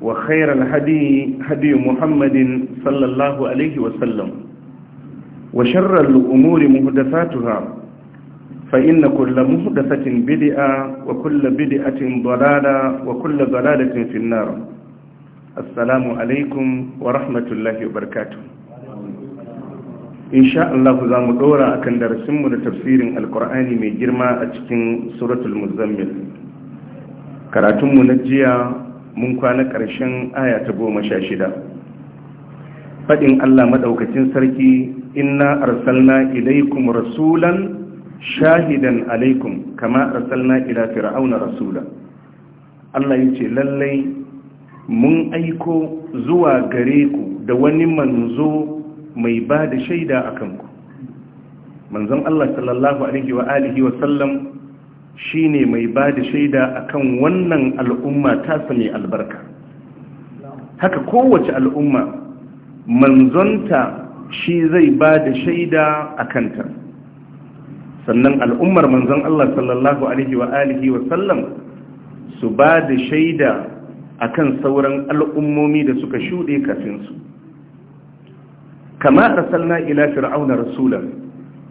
وخير الهدي هدي محمد صلى الله عليه وسلم وشر الأمور مهدفاتها فإن كل مهدفة بدئة وكل بدئة ضلالة وكل ضلالة في النار السلام عليكم ورحمة الله وبركاته إن شاء الله ذا مدورة أكن درسم لتفسير القرآن من جرمى أتكين سورة المزمل karatunmu na jiya mun kwana ƙarshen aya ta goma sha shida faɗin Allah maɗaukacin sarki inna arsalna ilaikum rasulan shahidan alaikum kama arsalna ila fir'auna rasula Allah ya ce lallai mun aiko zuwa gare ku da wani manzo mai ba da shaida a kanku manzon Allah sallallahu alaihi wa alihi wa sallam shine mai ba da shaida akan wannan al'umma ta sami albarka haka kowace al'umma manzonta shi zai ba da shaida a kanta sannan al'ummar manzon Allah sallallahu alaihi wa alihi wa sallam su ba da shaida akan sauran al'ummomi da suka shuɗe kafinsu kama arsalna ila fir'auna rasulan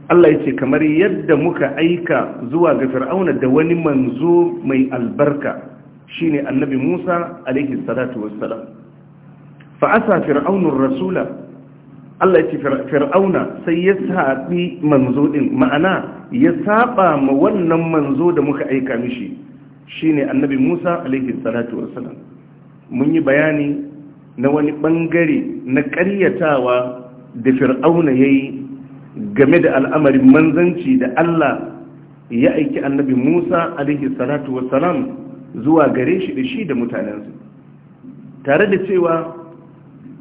Allah ya ce kamar yadda muka aika zuwa ga fir'auna da wani manzo mai albarka shine annabi Musa alaihi salatu wassalam fa asa fir'aunur rasula Allah ya ce fir'auna sai ya sabi manzo din ma'ana ya saba ma wannan manzo da muka aika mishi shine annabi Musa alaihi salatu wassalam mun yi bayani na wani bangare na ƙaryatawa da fir'auna yayi game da al'amarin manzanci da Allah ya aiki annabi Musa alaihi salatu wassalam zuwa gare shi da shi da mutanensu tare da cewa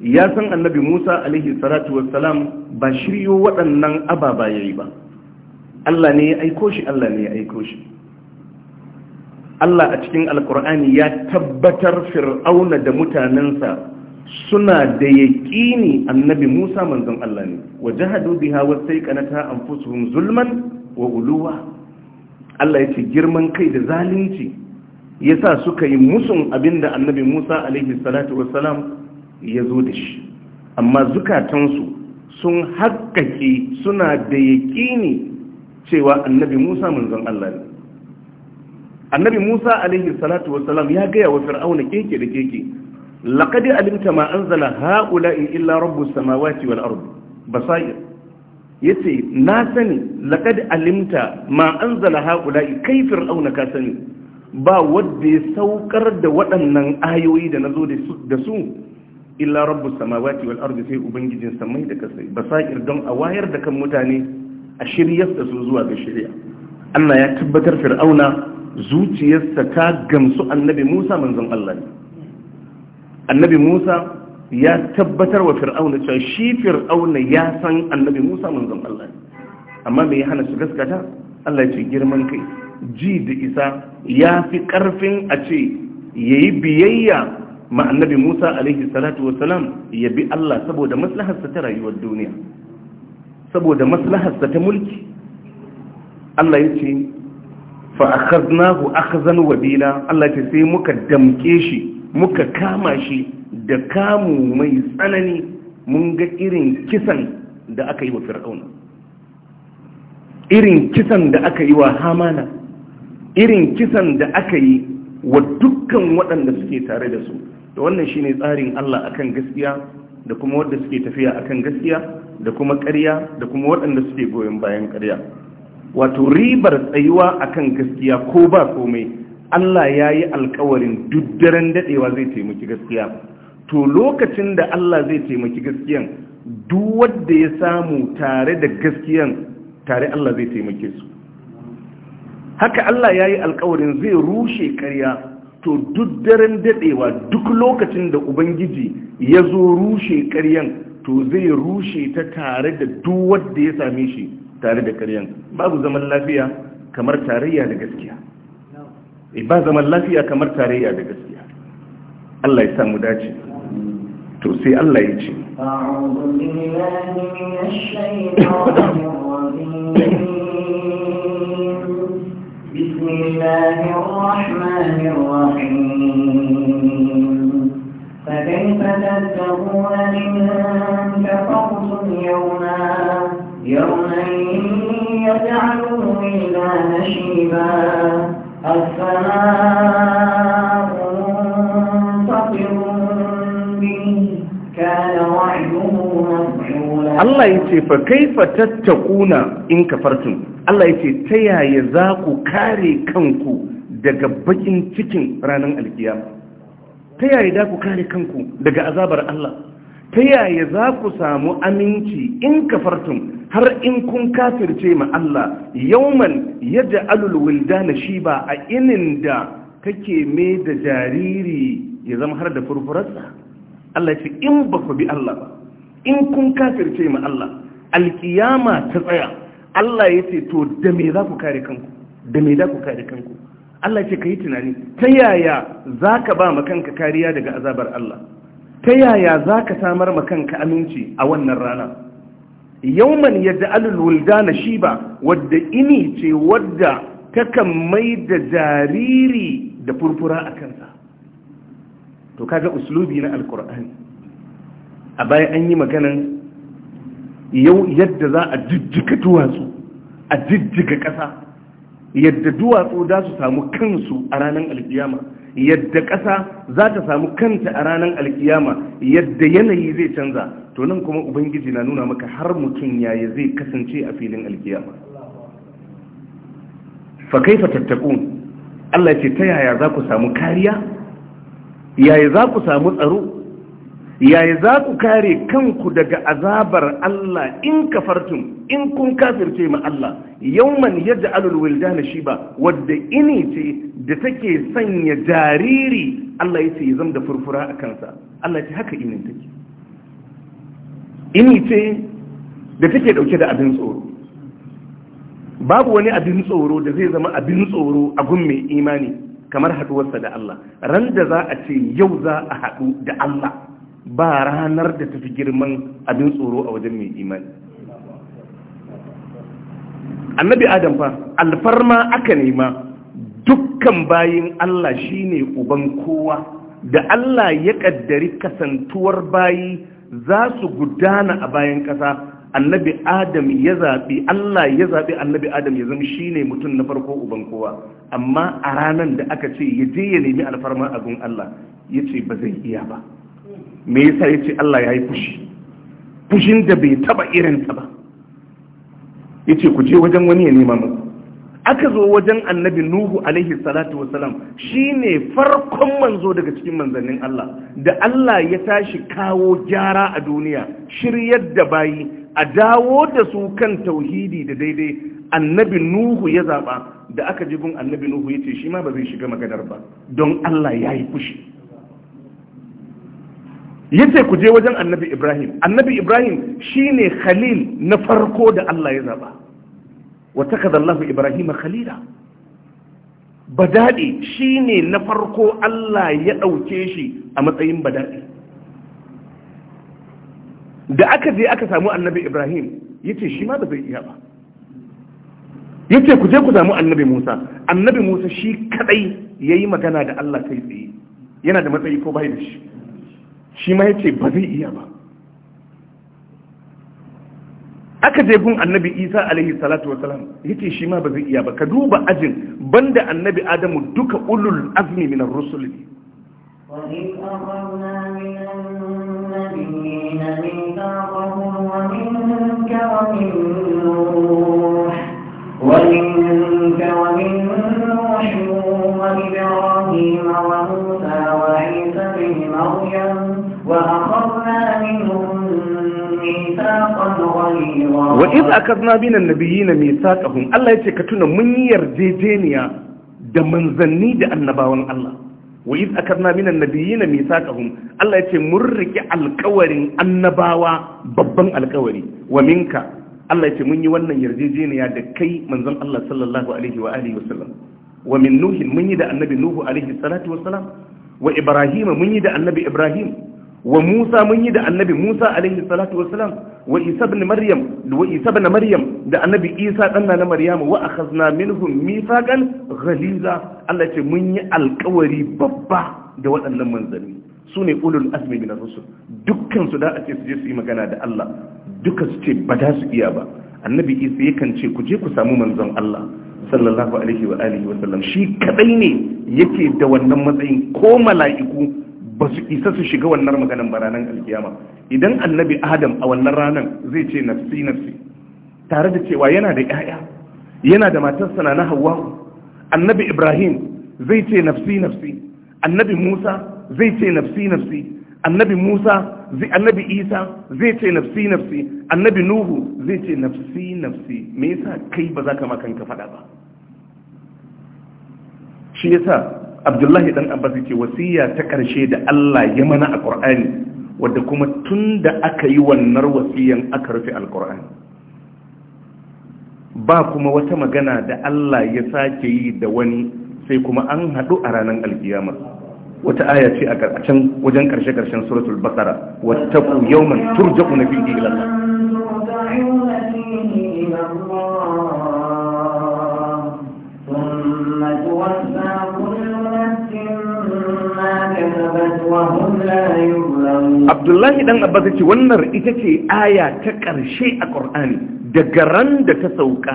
ya san annabi Musa alaihi salatu wassalam ba shiryo waɗannan ababa yayi ba Allah ne ya aiko shi Allah ne ya aiko shi Allah a cikin alkur'ani ya tabbatar fir'auna da mutanensa suna da yaƙini annabi Musa manzon Allah ne wajahadu biha wasaiqanata anfusuhum zulman wa uluwa Allah yake girman kai da zalunci yasa suka yi musun abinda annabi Musa alaihi salatu wassalam ya zo da shi amma zukatansu sun haƙƙaƙe suna da yaƙini cewa annabi Musa manzon Allah ne annabi Musa alaihi salatu wassalam ya gaya wa fir'auna keke da keke laqad alimta ma an zala anzala in illa rabbus samawati wal ardi basair ce na sani laqad alimta ma an zala anzala in kai fir'auna ka sani ba wanda ya saukar da waɗannan ayoyi da na zo da su illa rabbus samawati wal ardi sai ubangijin samai da kasai basair don a wayar da kan mutane a shiryar da su zuwa ga shirya. Allah ya tabbatar fir'auna zuciyarsa ta gamsu annabi Musa manzon Allah ne annabi musa ya tabbatar wa fir'auna cewa shi fir'auna ya san annabi musa manzon allah amma me ya hana su gaskata allah ce girman kai ji da isa ya fi karfin a ce ya yi biyayya ma annabi musa alaihi salatu wasalam ya bi allah saboda maslaharsa ta rayuwar duniya saboda maslaharsa ta mulki allah ya ce fa akhadnahu akhzan wabila allah ya ce sai muka damke shi muka kama shi da kamu mai tsanani mun ga irin kisan da aka yi wa fir'auna irin kisan da aka yi wa hamana irin kisan da aka yi wa dukkan waɗanda suke tare da su da wannan shine tsarin Allah akan gaskiya da kuma wadda suke tafiya akan gaskiya da kuma ƙarya da kuma waɗanda suke goyon bayan ƙarya wato ribar tsayuwa akan gaskiya ko ba komai Allah ya yi alkawarin duk daren daɗewa zai taimaki gaskiya to lokacin da Allah zai taimaki gaskiyan duk wanda ya samu tare da gaskiyan tare Allah zai taimake su haka Allah ya yi alkawarin zai rushe karya to duk daren daɗewa duk lokacin da ubangiji ya zo rushe karyan to zai rushe ta tare da duk wanda ya same shi tare da karyan babu zaman lafiya kamar tarayya da gaskiya ba zaman lafiya kamar tarayya da gaskiya Allah ya sa mu dace to sai Allah ya ce فكيف تتقون إن كفرتم يوما يوما يجعل الولدان شيبا Allah ya ce fa fa tattakuna in kafartum Allah ya ce ta yaya za ku kare kanku daga bakin cikin ranar alkiyama ta yaya za ku kare kanku daga azabar Allah ta yaya za ku samu aminci in kafartun har in kun kafirce ma Allah yauman yadda alulwilda na shi ba a inin da kake mai da jariri ya zama har da furfurarsa Allah ce in ba ku bi Allah ba in kun kafirce ma Allah alkiyama ta tsaya Allah ya ce to da me za ku kare kanku da me za ku kare kanku Allah ce ka yi tunani ta yaya za ka ba ma kanka kariya daga azabar Allah ta yaya za ka samar kanka aminci a wannan rana yauman ya ja'alul shi ba, wadda ini ce wadda takan mai da jariri da furfura a kansa to kaga uslubi na alkur'ani a baya an yi maganan yau yadda za a jijjika duwatsu a jijjika ƙasa yadda duwatsu za su samu kansu a ranar alkiyama yadda ƙasa za ta samu kanta a ranar alkiyama yadda yanayi zai canza to nan kuma ubangiji na nuna maka har mutum yaya zai kasance a filin alkiyama fa kaifa Allah ce ta yaya za ku samu kariya yaya za ku samu tsaro yaya za ku kare kanku daga azabar Allah in kafartum in kun kafirce ma Allah yawman yaj'alul wildana shiba wadda ini ce da take sanya jariri Allah ya ce da furfura a kansa Allah ya ce haka inin take ini ce da take dauke da abin tsoro babu wani abin tsoro da zai zama abin tsoro a gun mai imani kamar haduwarsa da Allah ran da za a ce yau za a haɗu da Allah ba ranar da tafi girman abin tsoro a wajen mai imani annabi adam fa alfarma aka nema dukkan bayin Allah shine uban kowa da Allah ya kaddari kasantuwar bayi za su gudana a bayan ƙasa annabi adam ya zaɓi Allah ya zaɓi annabi adam ya zama shine mutum na farko uban kowa amma a ranar da aka ce ya je ya nemi alfarma abin Allah ya ce ba zai iya ba me yasa yace Allah ya yi fushi fushin da bai taba irin ta ba yace ku je wajen wani ya nema mu. aka zo wajen annabi nuhu alaihi salatu wasalam shine farkon manzo daga cikin manzannin Allah da Allah ya tashi kawo gyara a duniya shiryar da bayi a dawo da su kan tauhidi da daidai annabi nuhu ya zaba da aka jigun annabi nuhu ya ce shi ma ba zai shiga maganar ba don Allah yayi fushi yace ku je wajen annabi ibrahim annabi ibrahim shine khalil na farko da allah ya zaba wata takada allah ibrahim khalila badaɗi shine na farko allah ya ɗauke shi a matsayin badaɗi da aka je aka samu annabi ibrahim yace shi ma ba zai iya ba yace ku je ku samu annabi musa annabi musa shi kadai yayi magana da allah kai tsaye yana da matsayi ko bai da shi shi ma ce ba zai iya ba aka je gun annabi isa alaihi salatu wa wasalam yace shi ma ba zai iya ba ka duba ajin banda annabi adamu duka ulul azmi minar rusul ne ومنك ومن نوح ومن wa iz akadna binan nabiyina mithaqahum Allah yace ka tuna mun yi yarjejeniya da manzanni da annabawan Allah wa iz akadna minan nabiyina mithaqahum Allah yace mun riki alƙawarin annabawa babban alƙawari wa minka Allah yace mun yi wannan yarjejeniya da kai manzon Allah sallallahu alaihi wa alihi wasallam wa min nuhin mun yi da annabi nuhu alaihi salatu wassalam wa ibrahima mun yi da annabi ibrahim wa Musa mun yi da annabi Musa alaihi salatu wa Isa ibn Maryam wa Isa ibn Maryam da annabi Isa dan na Maryam wa akhazna minhum mithaqan ghaliza Allah ce mun yi alkawari babba da waɗannan manzanni sune ulul azmi min ar-rusul dukkan su da a ce su je su yi magana da Allah duka su ce ba da su iya ba annabi Isa yakan ce ku je ku samu manzon Allah sallallahu alaihi wa alihi wa sallam shi kadai ne yake da wannan matsayin ko mala'iku ba su isa su shiga wannan maganin ba ranar alkiyama idan annabi adam a wannan ranar zai ce nafsi nafsi tare da cewa yana da 'ya'ya yana da matarsa na hawa annabi ibrahim zai ce nafsi nafsi annabi musa zai ce nafsi nafsi annabi musa zai annabi isa zai ce nafsi nafsi annabi nuhu zai ce nafsi nafsi me yasa kai ba za ka makanka faɗa ba shi yasa abdullahi dan abbas ce wasiya ta karshe da Allah ya mana a qur'ani wadda kuma tun da aka yi wannan wasiyan aka rufe alkur'ani ba kuma wata magana da Allah ya sake yi da wani sai kuma an haɗu a ranar alkiyama wata aya ce a karkashin wajen karshe karshen suratul baqara wattaqu yawman turja'una fihi ila Allah abdullahi dan abbas ce wannan ita ce aya ta ƙarshe a ƙur'ani daga ran da ta sauka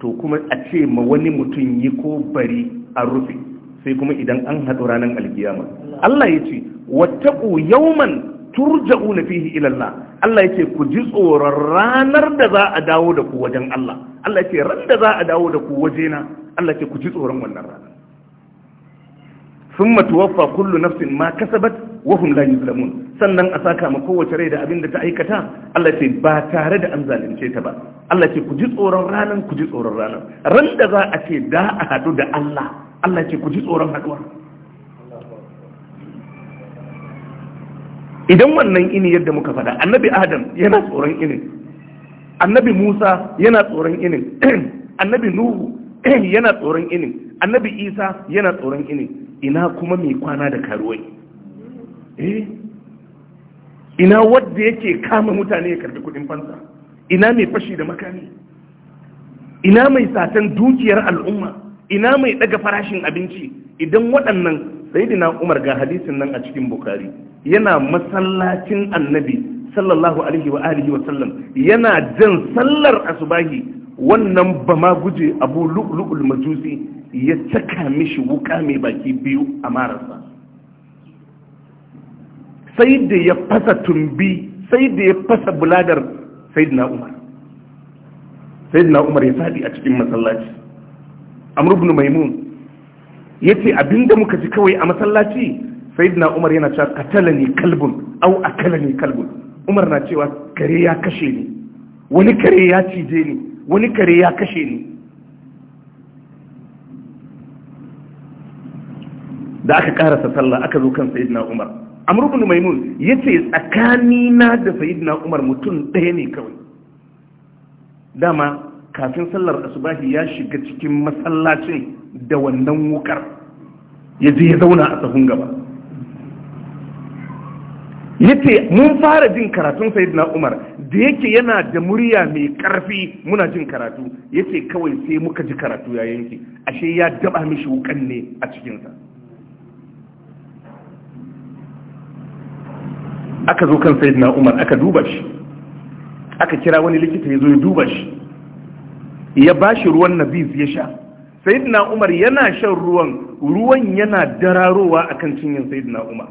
to kuma a ce ma wani mutum yi ko bari a rufe sai kuma idan an haɗu ranar alkiyama Allah ya ce wattaku yawman na fihi ila Allah Allah ya ce ku ji tsoron ranar da za a dawo da ku wajen Allah Allah ya ce ran da za a dawo da ku wajena Allah ya ce ku ji tsoron wannan ranar thumma tuwaffa kullu nafsin ma kasabat wa hum la yuzlamun sannan a saka ma kowace rai da abin da ta aikata Allah ce ba tare da an zalunce ta ba Allah ce ku ji tsoron ranan ku ji tsoron ranan ran da za a ce da a hadu da Allah Allah ce ku ji tsoron haduwa idan wannan ini yadda muka faɗa annabi adam yana tsoron inin annabi musa yana tsoron inin annabi nuhu yana tsoron inin annabi isa yana tsoron ini ina kuma mai kwana da karuwai eh ina wadda yake kama mutane ya karbi kudin fansa ina mai fashi da makami ina mai satan dukiyar al'umma ina mai daga farashin abinci idan waɗannan sayyidina umar ga hadisin nan a cikin bukari yana masallacin annabi sallallahu alaihi wa alihi wa sallam yana jan sallar asubahi wannan ba ma guje abu lu'lu'ul majusi ya saka mishi wuka mai baki biyu a mararsa sai da ya fasa tumbi sai da ya fasa buladar sayyidina umar sayyidina umar ya sadi a cikin masallaci amr Maimun ya ce abinda muka ji kawai a masallaci sayyidina umar yana cewa ne kalbun au ne kalbun umar na cewa kare ya kashe ni wani kare ya cije ni wani kare ya kashe ni da aka karasa sallah aka zo kan sayyidina umar amr ibn maimun yace tsakani na da sayyidina umar mutum ɗaya ne kawai dama kafin sallar asubahi ya shiga cikin masallacin da wannan wukar ya je ya zauna a sahun gaba yace mun fara jin karatun sayyidina umar da yake yana da murya mai karfi muna jin karatu yace kawai sai muka ji karatu ya yanke ashe ya daba mishi wukan ne a cikinsa aka zo kan sayyidina umar aka duba shi aka kira wani likita ya zo ya duba shi ya ba shi ruwan nabiz ya sha sayyidina umar yana shan ruwan ruwan yana dararowa akan cinyin sayyidina umar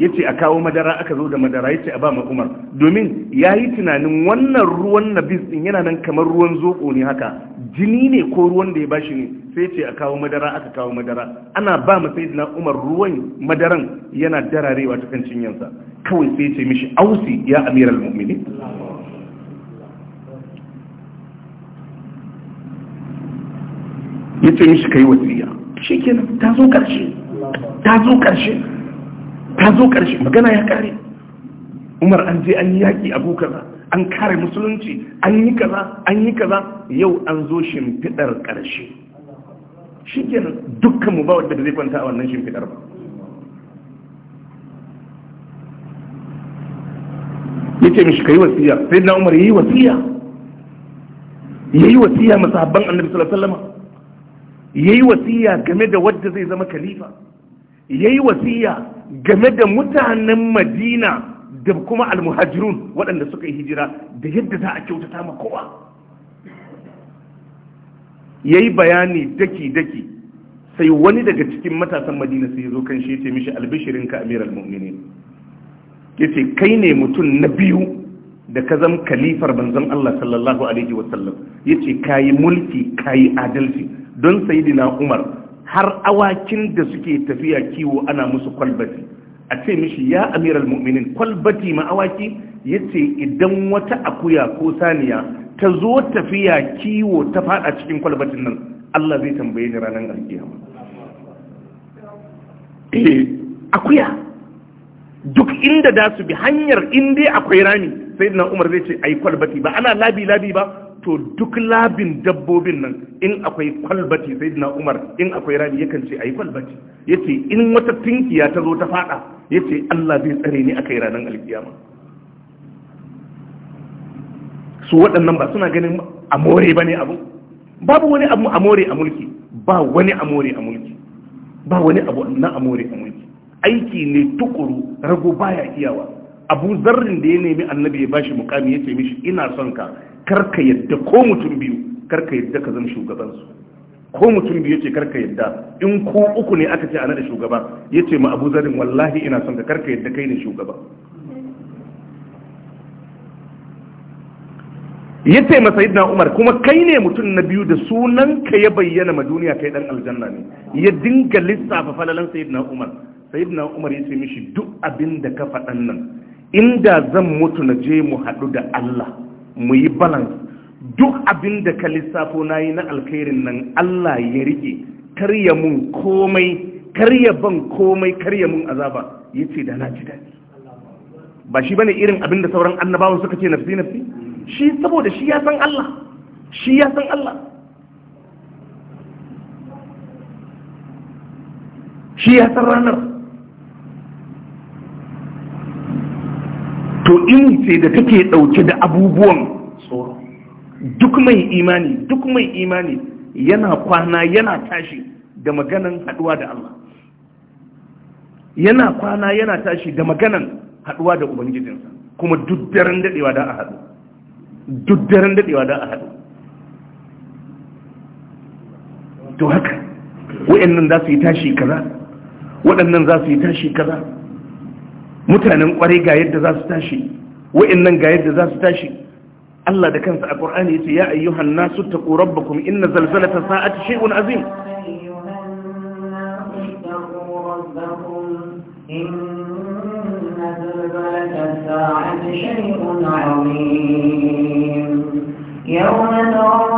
ya ce a kawo madara aka zo da madara ya ce a ba ma umar domin ya yi tunanin wannan ruwan na din yana nan kamar ruwan zoko ne haka jini ne ko ruwan da ya bashi ne sai ce a kawo madara aka kawo madara ana ba ma sai umar ruwan madaran yana dararewa ta kan cinyansa kawai sai ce mishi ausi ya amiral mu'mini ya ce mishi kai wasiya shi kenan ta zo karshe ta zo karshe ta zo ƙarshe magana ya kare umar an je an yi yaƙi buka kaza an kare musulunci an yi kaza an yi kaza yau an zo shimfiɗar ƙarshe shi ke dukkan mu ba wadda zai kwanta a wannan shimfiɗar ba ya ce mishi ka yi wasiya sai na umar ya yi wasiya ya yi wasiya masahabban annabi sallallahu alaihi ya yi wasiya game da wadda zai zama khalifa ya yi wasiya game da mutanen madina da kuma almuhajirun waɗanda suka yi hijira da yadda za a kyautata ma kowa ya yi bayani daki-daki sai wani daga cikin matasan madina sai zo kan shi ya ce mishi albishirin ka amir al ya ce kai ne mutum na biyu da ka zama kalifar banzan Allah sallallahu alaihi wasallam ya ce ka yi mulki ka yi adalci don sayidina umar har awakin da suke tafiya kiwo ana musu kwalbati a ce mishi ya amiral mu'minin kwalbati ma awaki ya ce idan wata akuya ko saniya ta zo tafiya kiwo ta fada cikin kwalbatin nan Allah zai tambaye ni ranar alkiyama eh, akuya duk inda da su bi hanyar in akwai rami sai na umar zai ce ai kwalbati ba ana labi labi ba to duk labin dabbobin nan in akwai kwalbati sai na umar in akwai rami yakan ce a yi kwalbati ya ce in wata tinkiya ta zo ta fada ya ce allah zai tsare ni a kai ranar alkiyama su waɗannan ba suna ganin amore ba ne abu babu wani abu amore a mulki ba wani amore a mulki ba wani abu na amore a mulki aiki ne tukuru rago baya iyawa abu zarrin da ya nemi annabi ya bashi mukami ya ce mishi ina son ka karka yadda ko mutum biyu karka yadda ka zama shugabansu ko mutum biyu ce karka yadda in ko uku ne aka ce ana da shugaba ya ce ma abu zarin wallahi ina son ka karka yadda kai ne shugaba ya ce masa yadda umar kuma kai ne mutum na biyu da sunanka ya bayyana ma duniya kai dan aljanna ne ya dinga lissafa falalan sayyidina umar sayyidina umar ya ce mishi duk abin da ka faɗan nan inda zan mutu na je mu haɗu da allah mu yi balance duk abin da ka lissafo na yi na alkhairin nan Allah ya rike karya mun komai karya ban komai karya mun azaba ya ce da na ji daɗi ba shi bane irin abin da sauran annabawan suka ce nafsi nafsi shi saboda shi ya san Allah shi ya san Allah shi ya san ranar to in ce da take ɗauke da abubuwan tsoro duk mai imani duk mai imani yana kwana yana tashi da maganan haɗuwa da Allah yana kwana yana tashi da maganan haɗuwa da ubangijinsa kuma duk daren dadewa da a haɗu duk daren dadewa da a haɗu to haka wayannan za su yi tashi kaza waɗannan za su yi tashi kaza mutanen kwarai ga yadda za su tashi wa'annan ga yadda za su tashi Allah da kansa a Qur'ani yace ya ayyuhan nasu taqu rabbakum inna zalzalata sa'ati shay'un azim يوم ترون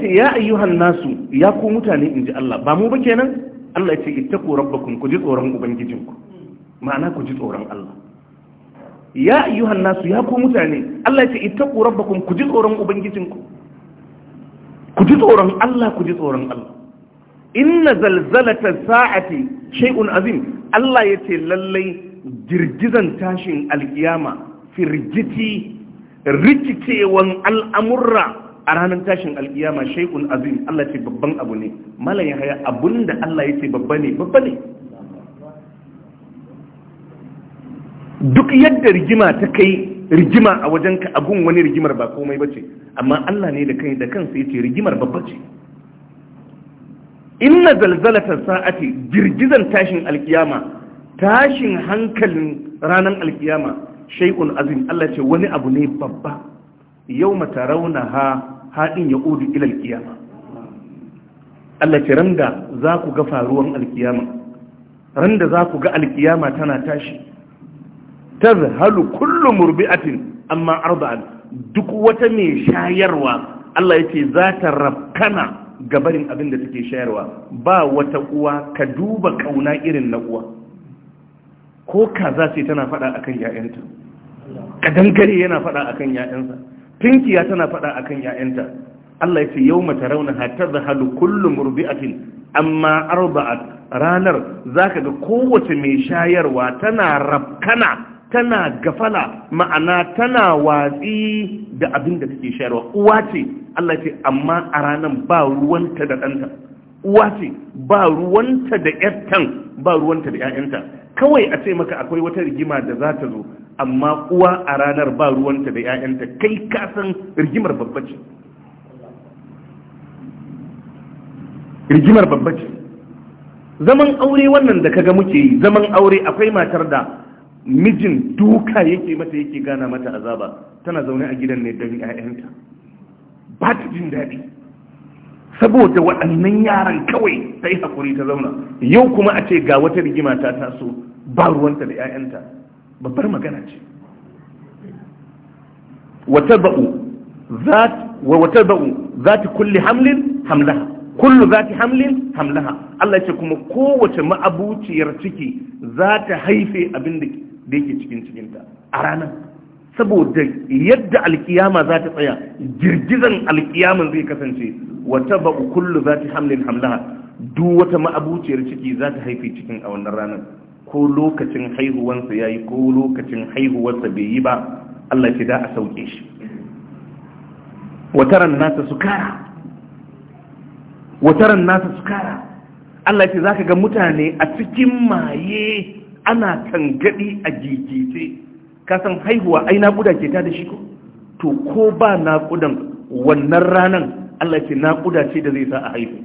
ce ya ayyuhan nasu ya ku mutane in ji Allah ba mu ba kenan Allah ya ce ittaku rabbakum ku ji tsoron ubangijinku ma'ana ku ji tsoron Allah ya ayyuhan nasu ya ku mutane Allah ya ce ittaku rabbakum ku ji tsoron ubangijinku ku ji tsoron Allah ku ji tsoron Allah inna zalzalata sa'ati shay'un azim Allah ya ce lallai girgizan tashin alkiyama firgiti rikicewan al'amurra a ranar tashin alkiyama shaikun azim Allah ce babban abu ne malam ya haya abun da Allah ya ce babba ne babba ne duk yadda rigima ta kai rigima a wajenka abun wani rigimar ba komai ba ce amma Allah ne da kai da kansa ya ce rigimar babba ce inna zalzalatar sa'ati girgizan tashin alkiyama tashin hankalin ranar alkiyama shaikun azim Allah ce wani abu ne babba yau mata rauna ha haɗin ya ƙudu ilal kiyama Allah ce randa za ku ga faruwan alkiyama randa za ku ga alkiyama tana tashi ta zahalu kullum murbi'atin amma arba'an duk wata mai shayarwa Allah ya ce za ta rafkana gabarin abin da take shayarwa ba wata uwa ka duba kauna irin na uwa ko kaza ce tana faɗa akan 'ya'yanta kadangare yana faɗa akan 'ya'yansa tinkiya tana faɗa akan ‘ya'yanta Allah ya ce yau mata rauna hatar da halu kullum rubi'atin amma arba'at ranar za ka ga kowace mai shayarwa tana rabkana tana gafala ma'ana tana watsi da abin da take shayarwa uwa ce Allah ya ce amma a ranar ba ruwanta da ɗanta uwa ce ba ruwanta da ‘yattan ba ruwanta da ‘ya'yanta kawai a ce maka akwai wata rigima da za ta zo amma uwa a ranar ba ruwanta da 'ya'yanta kai kasan rigimar babba rigimar babba zaman aure wannan da kaga muke yi zaman aure akwai matar da mijin duka yake mata yake gana mata azaba tana zaune a gidan ne don 'ya'yanta ba ta jin daɗi saboda waɗannan yaran kawai ta yi hakuri ta zauna yau kuma a ce ga wata rigima ta taso ba ruwanta da 'ya'yanta babbar magana ce wata ba'u ba'u za ta kulle hamlin hamlaha kullu za ta hamlin hamlaha Allah ce kuma kowace ma'abuciyar ciki za ta haife abin da yake cikin cikinta a ranar saboda yadda alkiyama za ta tsaya girgizan alkiyaman zai kasance wata ba'u kullu za ta hamlin hamlaha duk wata ma'abuciyar ciki za ta haife cikin a wannan ranar ko lokacin haihuwansa ya yi ko lokacin haihuwarsa bai yi ba Allah ce da a sauke shi wataran nasa su kara wataran nasa su kara Allah ce za ka ga mutane a cikin maye ana tangadi a gigice kasan haihuwa ai naƙuda ke ta da shi ko to ko ba naƙudan wannan ranan Allah ce naƙuda ce da zai sa a haihu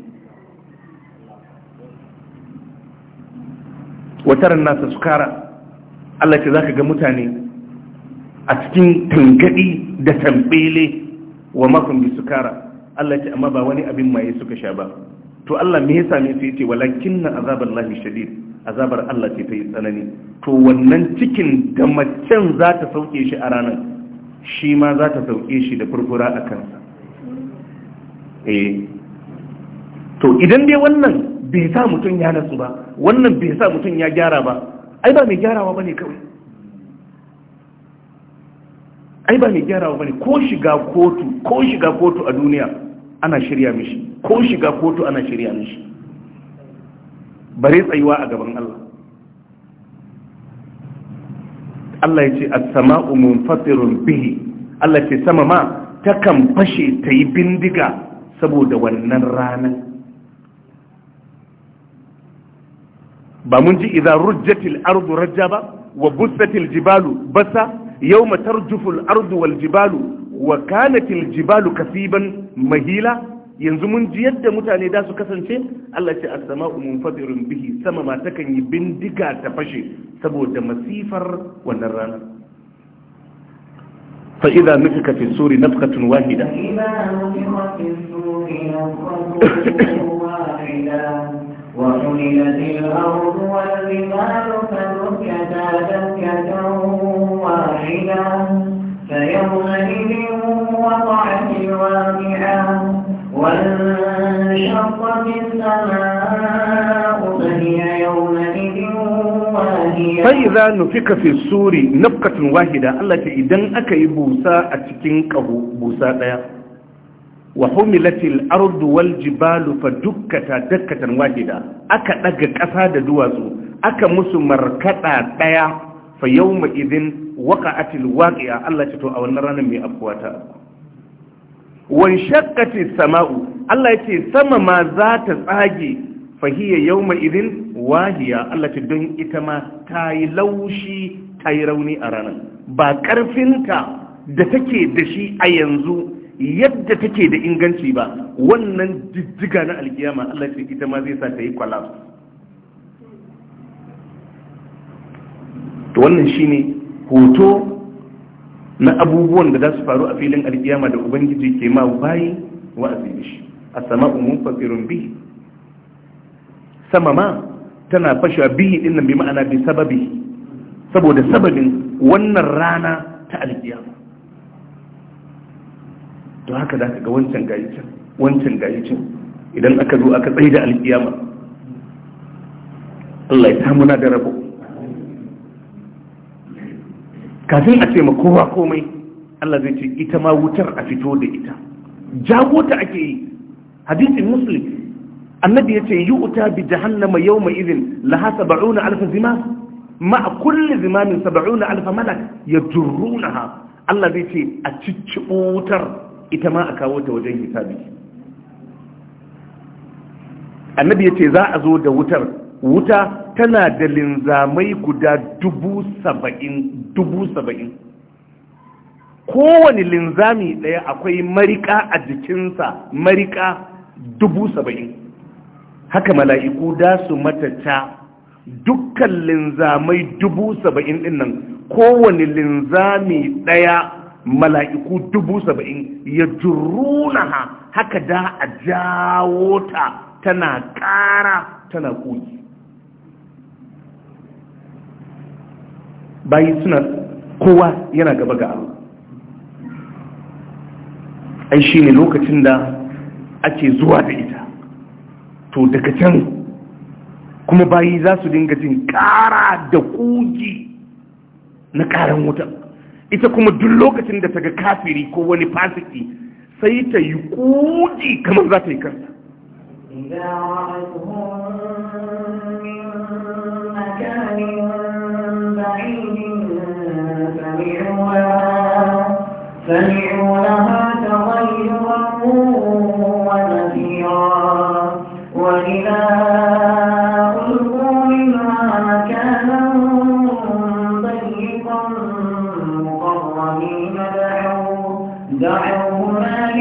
wataran nasa su sukara Allah ce zaka ga mutane a cikin tangadi da tambele wa makon bi sukara Allah ce amma ba wani abin maye suka sha ba to Allah me yasa me sai na azabar lahi shadid azabar Allah ce ta yi tsanani to wannan cikin da macen za ta sauke shi a ranar shi ma za ta sauke shi da furfura a kansa eh to idan dai wannan bai sa mutum ya nasu ba wannan bai sa mutum ya gyara ba ai ba mai gyarawa ba ne kawai ai ba mai gyarawa ba ne ko shiga kotu ko shiga kotu a duniya ana shirya mishi ko shiga kotu ana shirya mishi bare tsayuwa a gaban Allah Allah ya ce as-sama'u munfatirun bihi Allah ya ce sama ma takan fashe ta yi bindiga saboda wannan ranar ba mun ji idan rujjatil ardu rajja ba wa bussatil jibalu basa yau tarjuful ardu wal jibalu wa kanatil jibalu kasiban mahila yanzu mun ji yadda mutane da su kasance Allah ce as-sama'u munfatirun bihi sama ma kan yi bindiga ta fashe saboda masifar wannan rana fa idza nufika fi suri nafkatun wahida idza nufika fi suri nafkatun وحملت الأرض والجبال فدكتا دكة واحدة فيومئذ وقعت الواقعة وانشقت السماء فهي يومئذ واهية فإذا نفك في السور idan واحدة yi إذن أكي cikin تكين busa بوساء wa humilatil ardu wal jibalu fa dukkata dakkatan wahida aka daga ƙasa da duwatsu aka musu markada daya fa yawma idin waqa'atil waqi'a Allah ce to a wannan ranar mai afkuwa ta wan shaqqati sama'u Allah ya ce sama ma za ta tsage fa hiya yawma idin wahiya Allah ce don ita ma ta yi laushi ta yi rauni a ranar ba karfinta da take da shi a yanzu yadda take da inganci ba wannan jijjiga na alkiyama Allah ce ita ma zai sa ta yi kwalaf to wannan shine hoto na abubuwan da za su faru a filin alkiyama da ubangiji ke ma bayi wa a sama umun munfatirun bi sama ma tana fashewa bi din nan bi ma'ana bi sababi saboda sababin wannan rana ta alkiyama don haka za ka ga wancan gayicin wancan gayicin idan aka zo aka tsaye da alkiyama Allah ya samuna da rabo kafin a ce ma kowa komai Allah zai ce ita ma wutar a fito da ita jago ta ake yi hadisin muslim annabi ya ce yi wuta bi jahannama yau mai izin laha saba'una alfa zima ma a kulle zimamin saba'una alfa malak ya ha Allah zai ce a cicci wutar ita ma a kawo ta wajen hisabi annabi ya ce za a zo da wutar wuta tana da linzamai guda dubu saba'in dubu saba'in kowane linzami ɗaya akwai marika a jikinsa marika dubu saba'in haka mala'iku da su matata dukkan linzamai dubu saba'in dinnan kowane linzami ɗaya mala'iku dubu saba'in ya jurunaha haka da a jawo ta tana ƙara tana ƙoƙi bayi suna kowa yana gaba ga abu ai shi ne lokacin da ake zuwa da ita to daga can kuma bayi za su dinga jin ƙara da ƙugi na ƙaran wutan ita kuma duk lokacin da ta ga kafiri ko wani fasiki sai ta yi kuɗi kamar za ta yi kansa سمعوا لها تغيرا وإذا ألقوا منها مكانا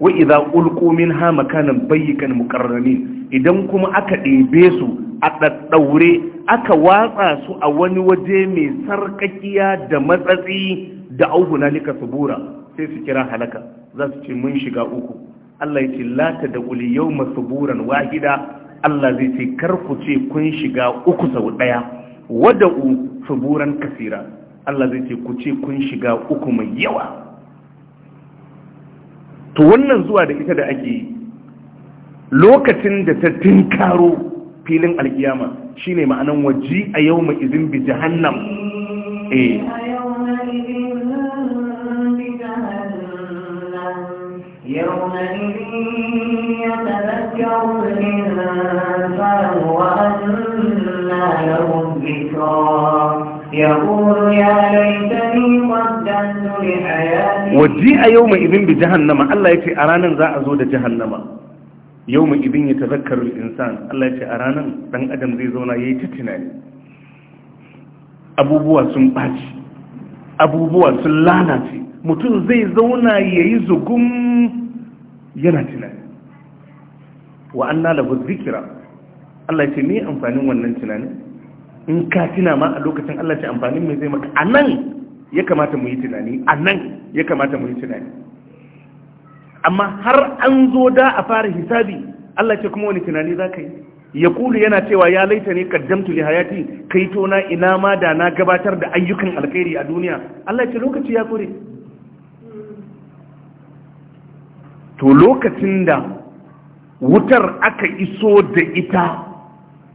wa idza ulqu minha makanan bayyikan muqarranin idan kuma aka ɗebe su a daddaure aka watsa su a wani waje mai sarƙaƙiya da matsatsi da auhuna lika subura sai su kira halaka za su ce mun shiga uku Allah ya ce la ta da uli yawma suburan wahida Allah zai ce kar ku ce kun shiga uku sau wada u suburan kasira Allah zai ce ku ce kun shiga uku mai yawa to wannan zuwa da ita da ake yi lokacin da ta tinkaro filin alkiyama shine ma'anan waji a yau mai izin bi jahannam eh يومئذ يتذكر يقول يا ليتني قدمت لحياتي وجيء يومئذ بجهنم الله يتي أرانا ذا أزود جهنم ce يتذكر الإنسان الله يتي أرانا zauna أدم yi زونا يتتنا abubuwa sun ɓaci abubuwa sun lalace mutum zai zauna ya yi zugun yana tunani wa an zikira Allah ce ne amfanin wannan tunanin in ka tuna ma a lokacin Allah ce amfanin mai zai maka a nan ya kamata mu yi tunani a nan ya kamata mu yi tunani amma har an zo da a fara hisabi Allah ce kuma wani tunani za ka yi ya kulu yana cewa ya laita ne kaddamtu li hayati kai to na ina ma da na gabatar da ayyukan alkhairi a duniya Allah ce lokaci ya kore. to lokacin da wutar aka iso da ita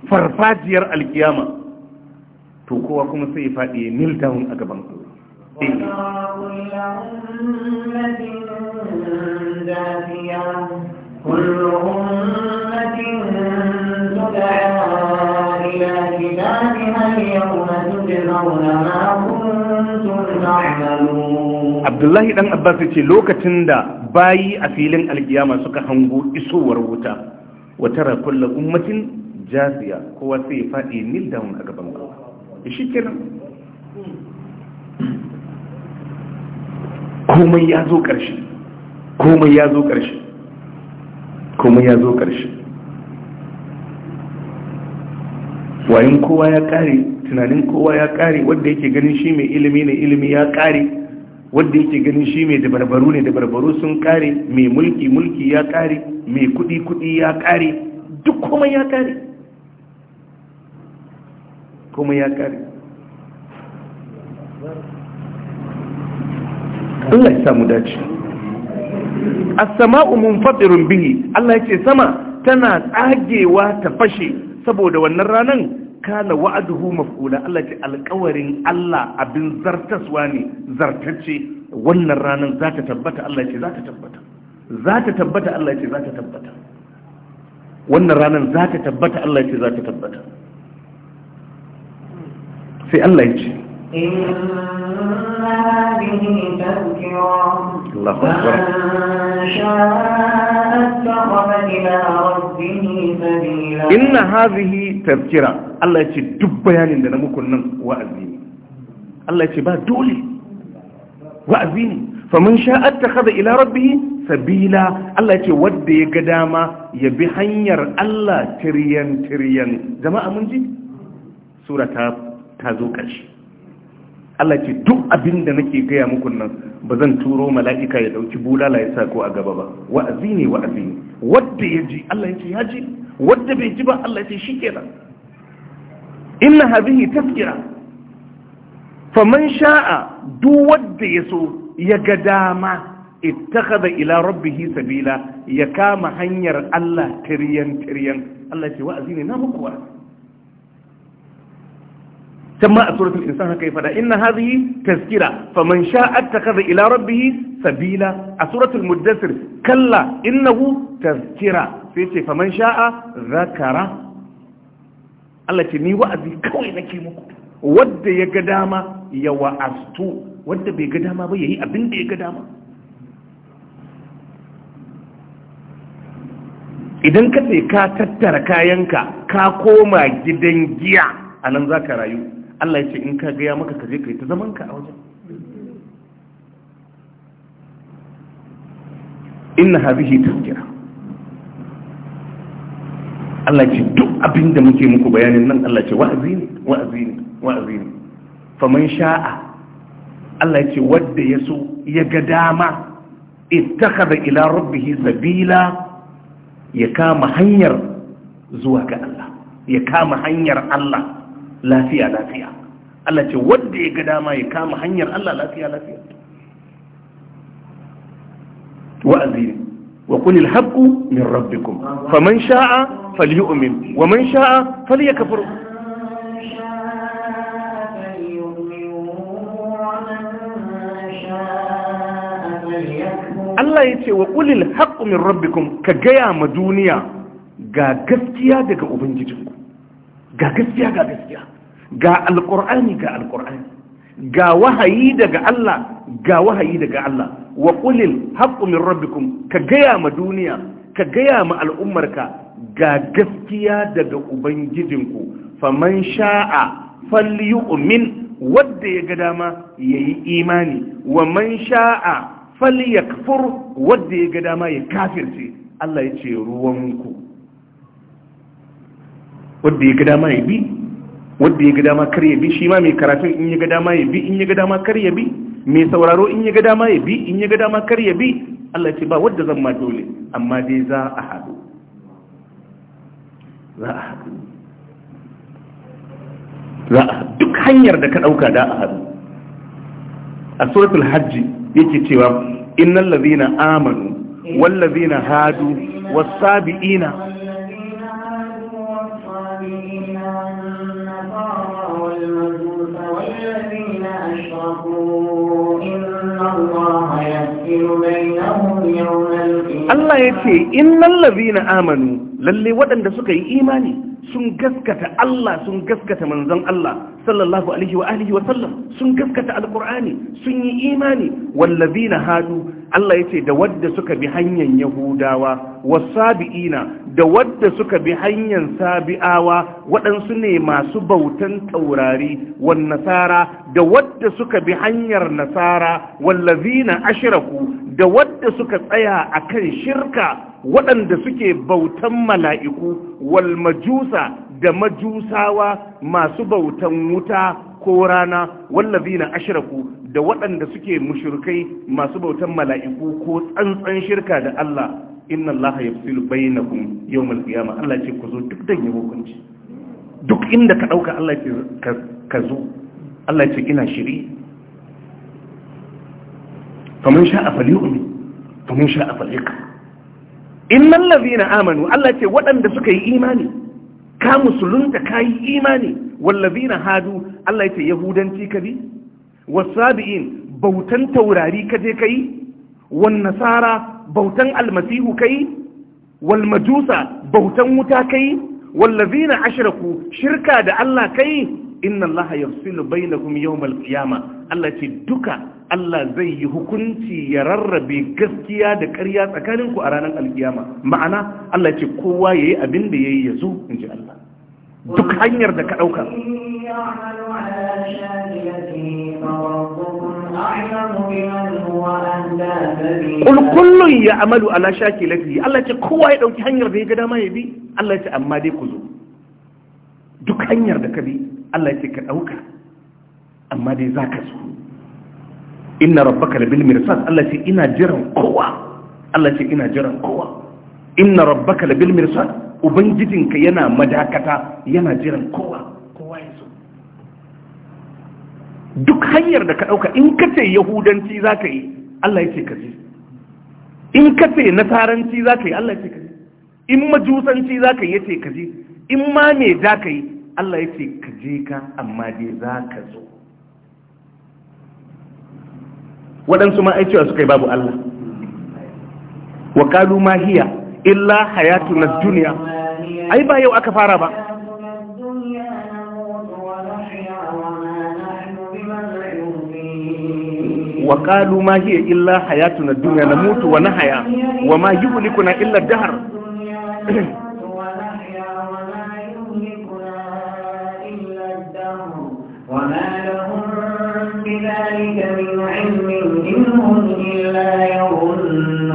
farfajiyar alkiyama to kuma sai faɗi nil down a gaban ku eh. Abdullahi ɗan Abbas ce lokacin da bayi a filin alkiyama suka hango isowar wuta, wa tara kulla ummatin jasiya kowa sai faɗi nil down a gaban Allah. shi kenan komai ya zo ƙarshe komai ya zo ƙarshe komai ya zo ƙarshe wayin kowa ya ƙare tunanin kowa ya ƙare wanda yake ganin shi mai ilimi ne ilimi ya ƙare wanda yake ganin shi mai dabarbaru ne dabarbaru sun ƙare mai mulki mulki ya ƙare mai kuɗi kuɗi ya ƙare duk komai ya ƙare kuma ya kare Allah ya samu dace as-sama'u munfatirun bihi Allah yake sama tana tsagewa ta fashe saboda wannan ranan kana wa'aduhu maf'ula Allah ce alƙawarin Allah abin zartaswa ne zartacce wannan ranan za ta tabbata Allah ce za ta tabbata za ta tabbata Allah ce za ta tabbata wannan ranan za ta tabbata Allah ce za ta tabbata sai Allah ya ce الله أكبر إن هذه تذكرة الله يتي دب بيان لنا مكنن وأذيني الله يتي با دولي وأذيني فمن شاء اتخذ إلى ربه سبيلا الله يتي ود يقداما يبي الله تريان تريان جماعة منجي سورة تاب ta zo ƙarshe Allah ce duk abin da nake gaya muku nan ba zan turo mala'ika ya ɗauki bulala ya sa ko a gaba ba wa'azi ne wa'azi ne wadda ya ji Allah ya ce ya ji wadda bai ji ba Allah ya ce shi kenan inna hadhihi Fa man sha'a duk wadda ya so ya ga dama da ila rabbih sabila ya kama hanyar Allah tiryan tiryan Allah ya ce wa'azi ne na muku wa'azi can ma a suratul insan haka ya fada inna hadhihi taskira. faman sha'a ittakaza ila rabbih sabila a suratul muddathir kalla innahu tazkira sai ce faman sha'a zakara Allah ce ni wa'azi kawai nake muku wanda ya ga dama ya bai ga dama ba ya ga dama idan ka ce ka tattara kayanka ka koma gidan giya a nan za ka rayu Allah ya ce in ka gaya maka ka je ka yi ta zaman ka a wajen inna hadhihi tazkira Allah ya ce duk abinda muke muku bayanin nan Allah ya ce wa'azi ne wa'azi ne wa'azi ne faman sha'a Allah ya ce wadda ya so ya ga dama ittakhadha ila rabbih sabila ya kama hanyar zuwa ga Allah ya kama hanyar Allah lafiya lafiya Allah ce wanda ya ga dama ya kama hanyar Allah lafiya lafiya wa'azi wa kulil haqqu min rabbikum faman sha'a falyu'min sha'a falyakfur Allah ya ce wa kulil haqqu min rabbikum ka gaya ma duniya ga gaskiya daga ubangijinku ga gaskiya ga gaskiya ga alƙur'ani ga alƙur'ani ga wahayi daga Allah ga wahayi daga Allah wa qulil haqqu min rabbikum ka gaya ma duniya ka gaya ma al'ummarka ga gaskiya daga ubangijinku faman sha'a falyu'min wadda ya ga dama yayi imani wa man sha'a falyakfur wadda ya ga dama ya kafirce Allah ya ce ruwanku wadda ya ga dama ya bi wanda ya ga dama kar ya bi shi ma mai karatun in ya ga dama ya bi in ya ga dama kar ya bi mai sauraro in ya ga dama ya bi in ya ga dama kar ya bi Allah ce ba wanda zan ma dole amma dai za a haɗu za a haɗu za a duk hanyar da ka ɗauka da a haɗu a suratul hajji yake cewa innal ladhina amanu wal ladhina hadu was sabiina Allah ya ce innal ladhina amanu lalle waɗanda suka yi imani sun gaskata Allah sun gaskata manzon Allah sallallahu alaihi wa alihi wa sallam sun gaskata alqur'ani sun yi imani wallazina hadu Allah yace da wadda suka bi hanyar yahudawa wasabiina da wadda suka bi hanyar sabi'awa waɗansu ne masu bautan taurari wan nasara da wadda suka bi hanyar nasara wallazina ashraku da wadda suka tsaya akan shirka waɗanda suke bautan mala'iku wal majusa da majusawa masu bautan wuta ko rana wallazina ashraku da waɗanda suke mushrikai masu bautan mala'iku ko tsantsan shirka da Allah inna Allah yafsilu bainakum yawmal qiyamah Allah ce ku zo duk dan yabo kunci duk inda ka dauka Allah ce ka zo Allah ce ina shiri faman sha'a falyu'min faman sha'a falyakfur innal ladhina amanu Allah ce waɗanda suka yi imani ka musulunta ka yi imani wallazi na hadu Allah ya ce yahudanci ka bi wasabi'in bautan taurari ka je ka yi wan nasara bautan almasihu ka yi wal majusa bautan wuta ka yi wallazi na ashiraku shirka da Allah ka yi inna allaha yafsilu bainakum yawmal qiyama Allah ce duka Allah zai yi hukunci ya rarrabe gaskiya da ƙarya tsakanin ku a ranar alkiyama ma'ana Allah ce kowa yayi abin da yayi yazo in ji Allah duk hanyar da ka dauka Kul kullun ya amalu ala shakilati Allah ce kowa ya dauki hanyar da ya ga dama ya bi Allah ya ce amma dai ku zo duk hanyar da ka bi Allah ce ka ɗauka amma dai za ka so ina rabbaka da bil mirsad Allah ce ina jiran kowa Allah ce ina jiran kowa ina rabbaka da bil mirsad ubangijinka yana madakata yana jiran kowa kowa ya so duk hanyar da ka ɗauka in ka ce yahudanci za ka yi Allah ya ce ka je in ka ce nasaranci za ka yi Allah ya ce ka je in majusanci za ka yi ya ce ka je in ma me za ka yi Allah ya ce ka je ka amma dai za ka zo waɗansu ma aicewa suka yi babu Allah wa kalu ma hiya illa hayatu na duniya ai ba yau aka fara ba wa kalu ma hiya illa hayatu na duniya na mutu wa na haya wa ma yi illa dahar وما لهم بذلك من علم إنهم إلا يظنون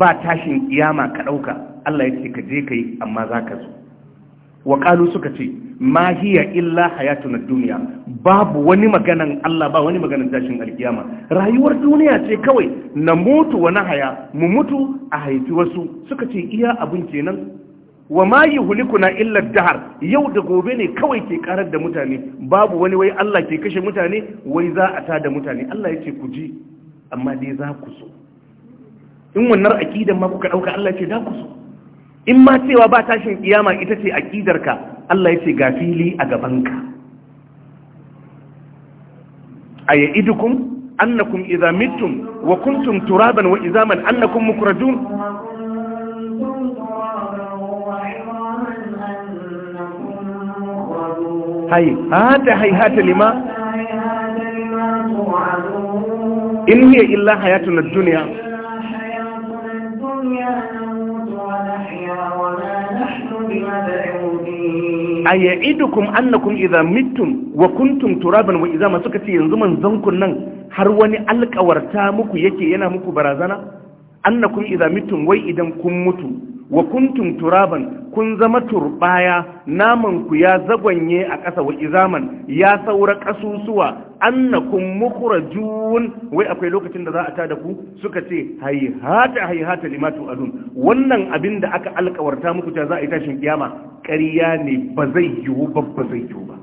ba tashin إذا ka ɗauka Allah ya ce ka je ka yi amma za ka zo. Waƙalu suka ce, ma hiya illa hayatu na duniya babu wani maganan Allah ba wani maganan tashin alkiyama rayuwar duniya ce kawai na mutu wani haya mu mutu a haifi wasu suka ce iya abin kenan wa ma yi yuhlikuna illa dahar yau da gobe ne kawai ke karar da mutane babu wani wai Allah ke kashe mutane wai za a tada mutane Allah ya ce ku ji amma dai za ku so in wannan aqidan ma kuka dauka Allah ce za ku so in ma cewa ba tashin kiyama ita ce aqidarka Allah ya ce ga fili a gaban ka. gabanka aya'idukum annakum idza mittum wa kuntum turaban wa izaman annakum mukrajun هيهات هيهات لما إن هي إلا حياتنا الدنيا ayyadukum annakum idza mittum wa kuntum turaban wa idza suka ce yanzu manzon kun nan har wani alƙawarta muku yake yana muku barazana annakum idza wai idan kun mutu wa kuntum turaban kun zama turbaya naman ku ya zagwanye a ƙasa wa izaman ya saura ƙasusuwa annakum mukhrajun wai akwai lokacin da za a tada ku suka ce hayhata hayhata limatu azun wannan abin da aka alkawarta muku ta za a yi tashin kiyama ƙarya ne ba zai yiwu ba ba zai yiwu ba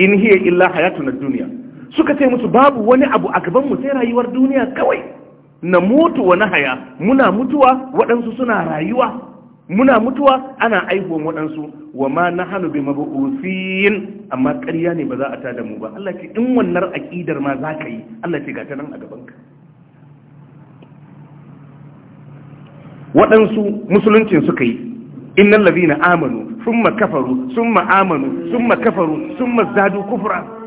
in hiya illa hayatun duniya suka ce musu babu wani abu a gaban mu sai rayuwar duniya kawai na mutu wa nahaya muna mutuwa waɗansu suna rayuwa muna mutuwa ana aihuwan waɗansu wa ma na hannu bi mabu'usin amma ƙarya ne ba za a ta da mu ba Allah ce in wannan aƙidar ma za ka yi Allah ce ga ta nan a gabanka waɗansu musuluncin suka yi innan labina amanu sun ma kafaru sun ma amanu sun ma kafaru sun ma zadu kufra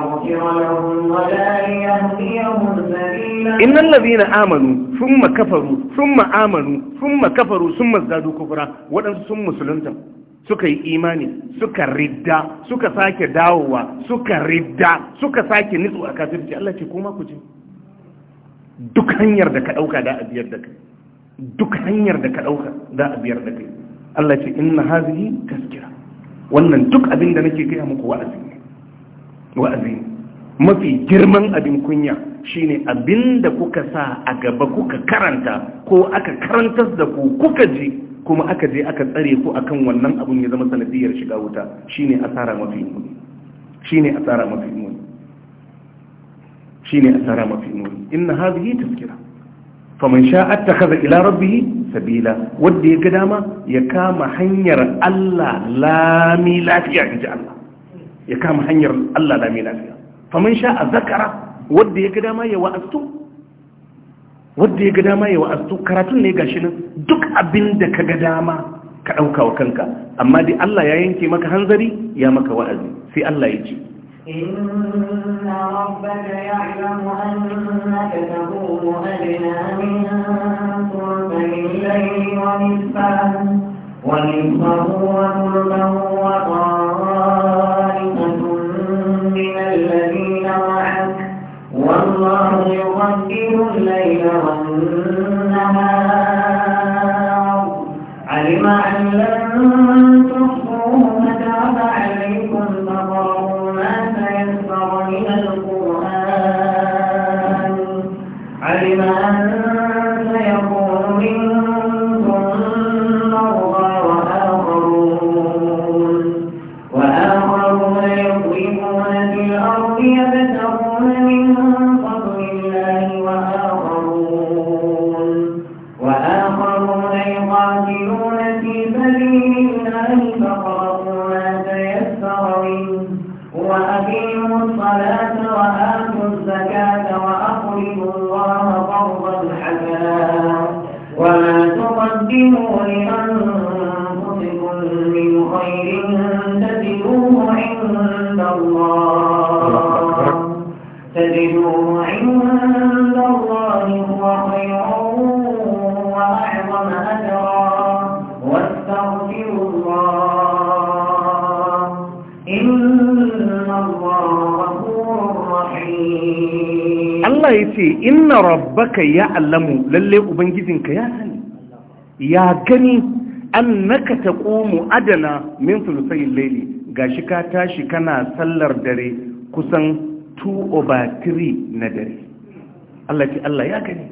يغفر لهم ولا يهديهم سبيلا إن الذين آمنوا ثم كفروا ثم آمنوا ثم كفروا ثم ازدادوا كفرا ودن ثم مسلمتم suka yi imani suka ridda suka sake dawowa suka ridda suka sake nitsu a kafirci Allah ce kuma ku je duk hanyar da ka dauka da abiyar da kai duk hanyar da ka dauka da abiyar da kai Allah ce inna hazihi tazkira wannan duk abin da nake kai muku wa'azi wa'azi mafi girman abin kunya shine abin da kuka sa a gaba kuka karanta ko aka karantar da ku kuka ji kuma aka je aka tsare ku akan wannan abun ya zama sanadiyar shiga wuta shine asara mafi muni shine asara mafi muni shine asara mafi muni inna hadhihi tazkira faman sha'a attakhadha ila rabbih sabila wanda ya ga dama ya kama hanyar Allah lami lafiya inji Allah ya kama hanyar Allah da mai lafiya faman sha a zakara wadda ya ga dama ya wa'astu wadda ya ga dama ya wa'astu karatun ne gashi nan duk abin da ka ga dama ka ɗauka wa kanka amma dai Allah ya yanke maka hanzari ya maka wa'azi sai Allah ya ce إن ربك يعلم أنك تقوم أدنى من طرفي الليل ونصفه وللمروة المروة طائفة من الذين معك والله يقدر الليل والنهار علم أن لن تحصى inna rabbaka ya'lamu lalle ubangijinka ya sani ya gani annaka taqumu adana min thulthayil layli gashi ka tashi kana sallar dare kusan 2 over 3 na dare Allah ki Allah ya gani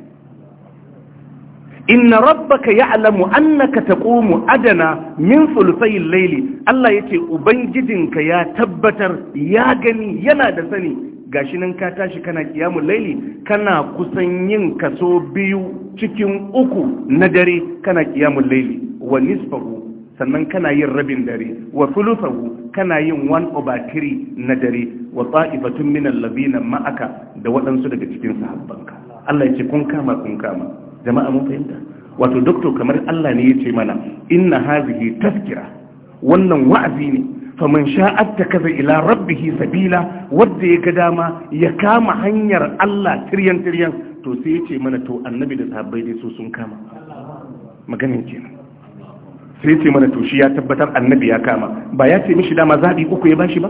inna rabbaka ya'lamu annaka taqumu adana min thulthayil layli Allah yace ubangijinka ya tabbatar ya gani yana da sani gashi nan ka tashi kana kiyamun laili kana kusan yin kaso biyu cikin uku na dare kana kiyamun laili wa nisfahu sannan kana yin rabin dare wa thuluthahu kana yin one over three na dare wa ta'ifatun min allabina ma'aka da waɗansu daga cikin sahabbanka Allah ya ce kun kama kun kama jama'a mun fahimta wato doctor kamar Allah ne ya ce mana inna hazihi tazkira wannan wa'azi ne Fa sha'ad ta kaza ila rabbihi sabila wadda ya ga dama ya kama hanyar Allah tiryan tiryan to sai ya ce mana to annabi da sahabbai dai su sun kama maganin kenan sai ya ce mana to shi ya tabbatar annabi ya kama ba ya ce mishi dama zabi uku ya bashi ba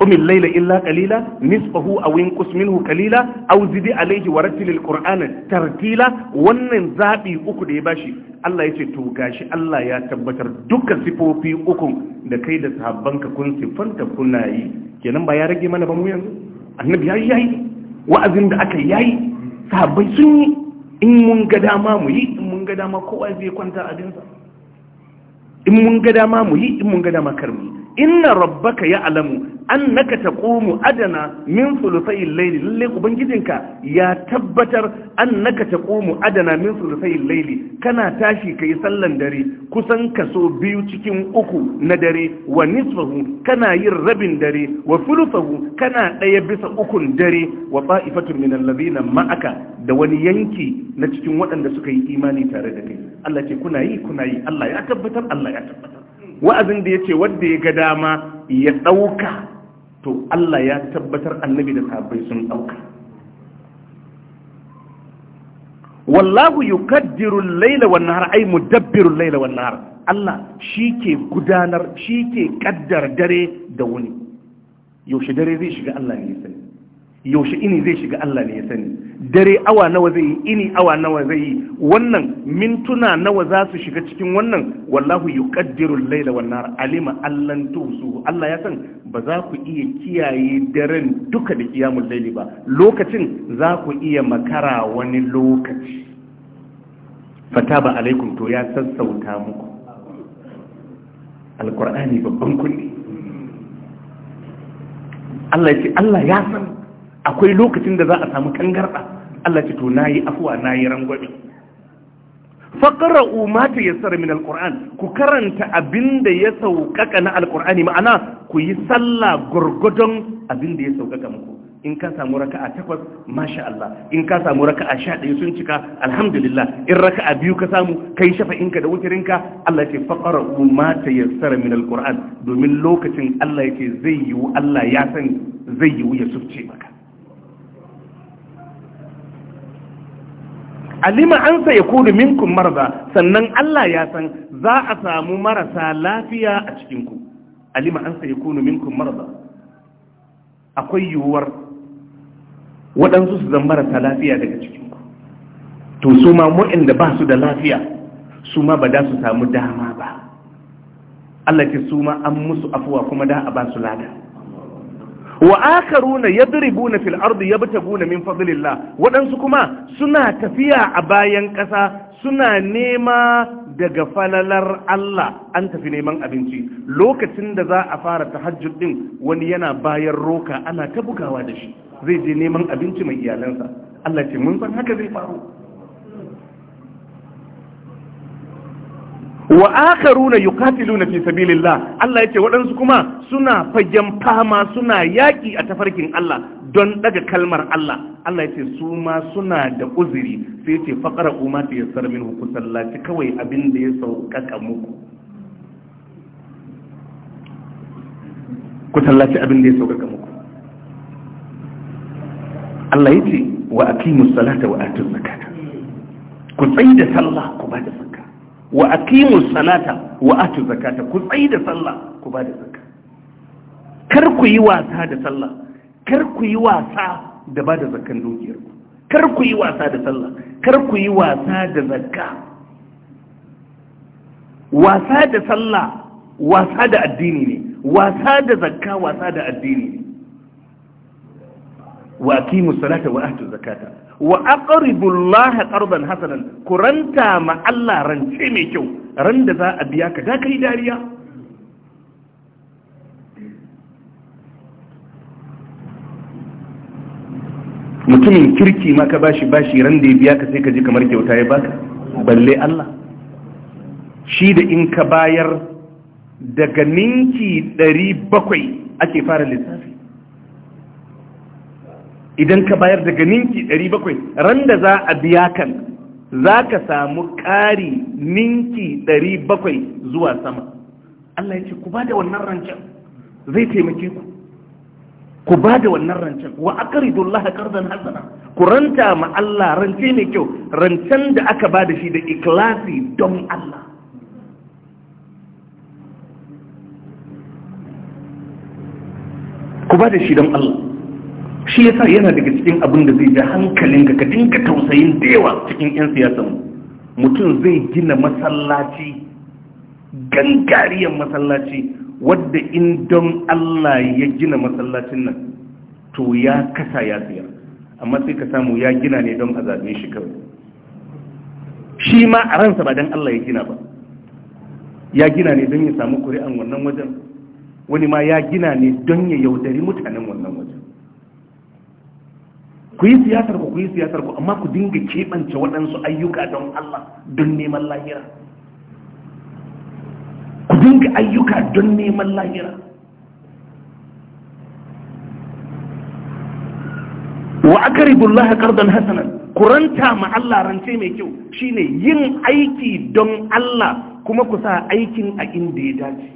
قم الليل إلا قليلا نصفه أو ينقص منه قليلا أو زد عليه ورتل القرآن ترتيلا wannan zaɓi uku da ya bashi Allah ya ce to gashi Allah ya tabbatar dukkan sifofi uku da kai da sahabbanka kun siffanta kuna yi kenan ba ya rage mana ba mu yanzu annabi yayi yayi wa'azin da aka yayi sahabbai sun yi in mun ga dama mu yi in mun ga dama kowa zai kwanta abinsa in mun mu yi in mun inna rabbaka ya alamu ta taqumu adana min thuluthayil layli lalle ubangijinka ya tabbatar an ta taqumu adana min thuluthayil laili. kana tashi yi sallan dare kusan kaso biyu cikin uku na dare wa nisfahu kana yin rabin dare wa thuluthahu kana ɗaya bisa ukun dare wa ta'ifatun min alladhina ma'aka da wani yanki na cikin waɗanda suka yi imani tare da kai Allah ce kuna yi kuna yi Allah ya tabbatar Allah ya tabbatar wa'azin da ya ce wanda ya ga dama ya ɗauka, to Allah ya tabbatar annabi da sahabbai sun ɗauka. wallahu yukaddiru al-laila wan nahar ay mu laila wan nahar Allah shi ke gudanar shi ke kaddar dare da wuni yaushe dare zai shiga Allah ne sani yaushe ini zai shiga Allah ne ya sani dare awa nawa zai yi ini awa nawa zai yi wannan mintuna nawa za su shiga cikin wannan wallahu yuqaddiru al-laila wan nahar alima allan tusu Allah ya san ba za ku iya kiyaye daren duka da kiyamul laili ba lokacin za ku iya makara wani lokaci fataba alaikum to ya sassauta muku alqur'ani babban kulli Allah ya ce Allah ya san akwai lokacin da za a samu kangarda Allah ce to nayi afuwa nayi rangwabe faqra'u ma tayassara min alquran ku karanta abinda ya saukaka na alqurani ma'ana ku yi sallah gurgudun abinda ya saukaka muku in ka samu raka'a takwas masha Allah in ka samu raka'a sha ɗaya sun cika alhamdulillah in raka'a biyu ka samu kai shafa'inka da wutirinka Allah ce faqra'u ma tayassara min alquran domin lokacin Allah yake zai yiwu Allah ya san zai yiwu ya sufce maka alima an sa ya kuri minkum marza sannan Allah ya san za a samu marasa lafiya a cikinku alima an sa ya kuri minkum marza akwai yiwuwar waɗansu su zan marasa lafiya daga cikinku to su ma da ba su da lafiya su ma ba da su samu dama ba Allah ke su ma an musu afuwa kuma da a ba su lada wa akaruna fil'ardu ya ardi yabtaguna min fadlillah waɗansu kuma suna tafiya a bayan ƙasa suna nema daga falalar Allah an tafi neman abinci lokacin da za a fara tahajjud din wani yana bayan roka ana ta bugawa da shi zai je neman abinci mai iyalansa Allah ce mun san haka zai faru wa akharuna yuqatiluna fi sabilillah Allah yace waɗansu kuma suna fagen fama suna yaki a tafarkin Allah don daga kalmar Allah Allah yace su ma suna da uzuri sai yace faqara kuma ta yassar min hukusallati kawai abin da ya sauƙaƙa muku ku tallaci abin da ya sauƙaƙa muku Allah yace wa aqimus salata wa atuz zakata ku tsayi da sallah ku ba da zakata wa aqimu salata wa atu zakata ku tsayi da sallah ku ba da zakka kar ku yi wasa da sallah kar ku yi wasa da ba da zakkan dukiyar ku kar ku yi wasa da sallah kar ku yi wasa da zakka wasa da sallah wasa da addini ne wasa da zakka wasa da addini ne wa aqimu salata wa atu zakata wa Allah qardan hasanan kuranta ma Allah rance mai kyau ran da za a biya ka da kai dariya mutumin kirki ma ka bashi bashi ran da ya biya ka sai ka ji kamar kyauta ya baka balle Allah shi da in ka bayar daga ninki 700 ake fara lissafi idan ka bayar daga ninki 700 ran da za a biya kan za ka samu ƙari ninki 700 zuwa sama Allah ya ce ku ba da wannan rancen zai taimake ku ku ba da wannan rancen wa aqridullaha qardan hasana ku ranta ma Allah rance mai kyau rancen da aka ba da shi da ikhlasi don Allah ku ba da shi don Allah shi yasa yana daga cikin abin da zai ja hankalin ka dinka tausayin da yawa cikin 'yan siyasan mutum zai gina masallaci gangariyar masallaci wadda in don Allah ya gina masallacin nan to ya kasa ya siya amma sai ka samu ya gina ne don a shi kawai shi ma a ransa ba don Allah ya gina ba ya gina ne don ya samu kuri'an wannan wajen wani ma ya gina ne don ya yaudari mutanen wannan wajen ku yi siyasar ku yi siyasar ku amma ku dinga keɓance waɗansu ayyuka don Allah don neman lahira ku dinga ayyuka don neman lahira wa akaribullah qardan hasanan kuranta ma Allah rance mai kyau shine yin aiki don Allah kuma ku sa aikin a inda ya dace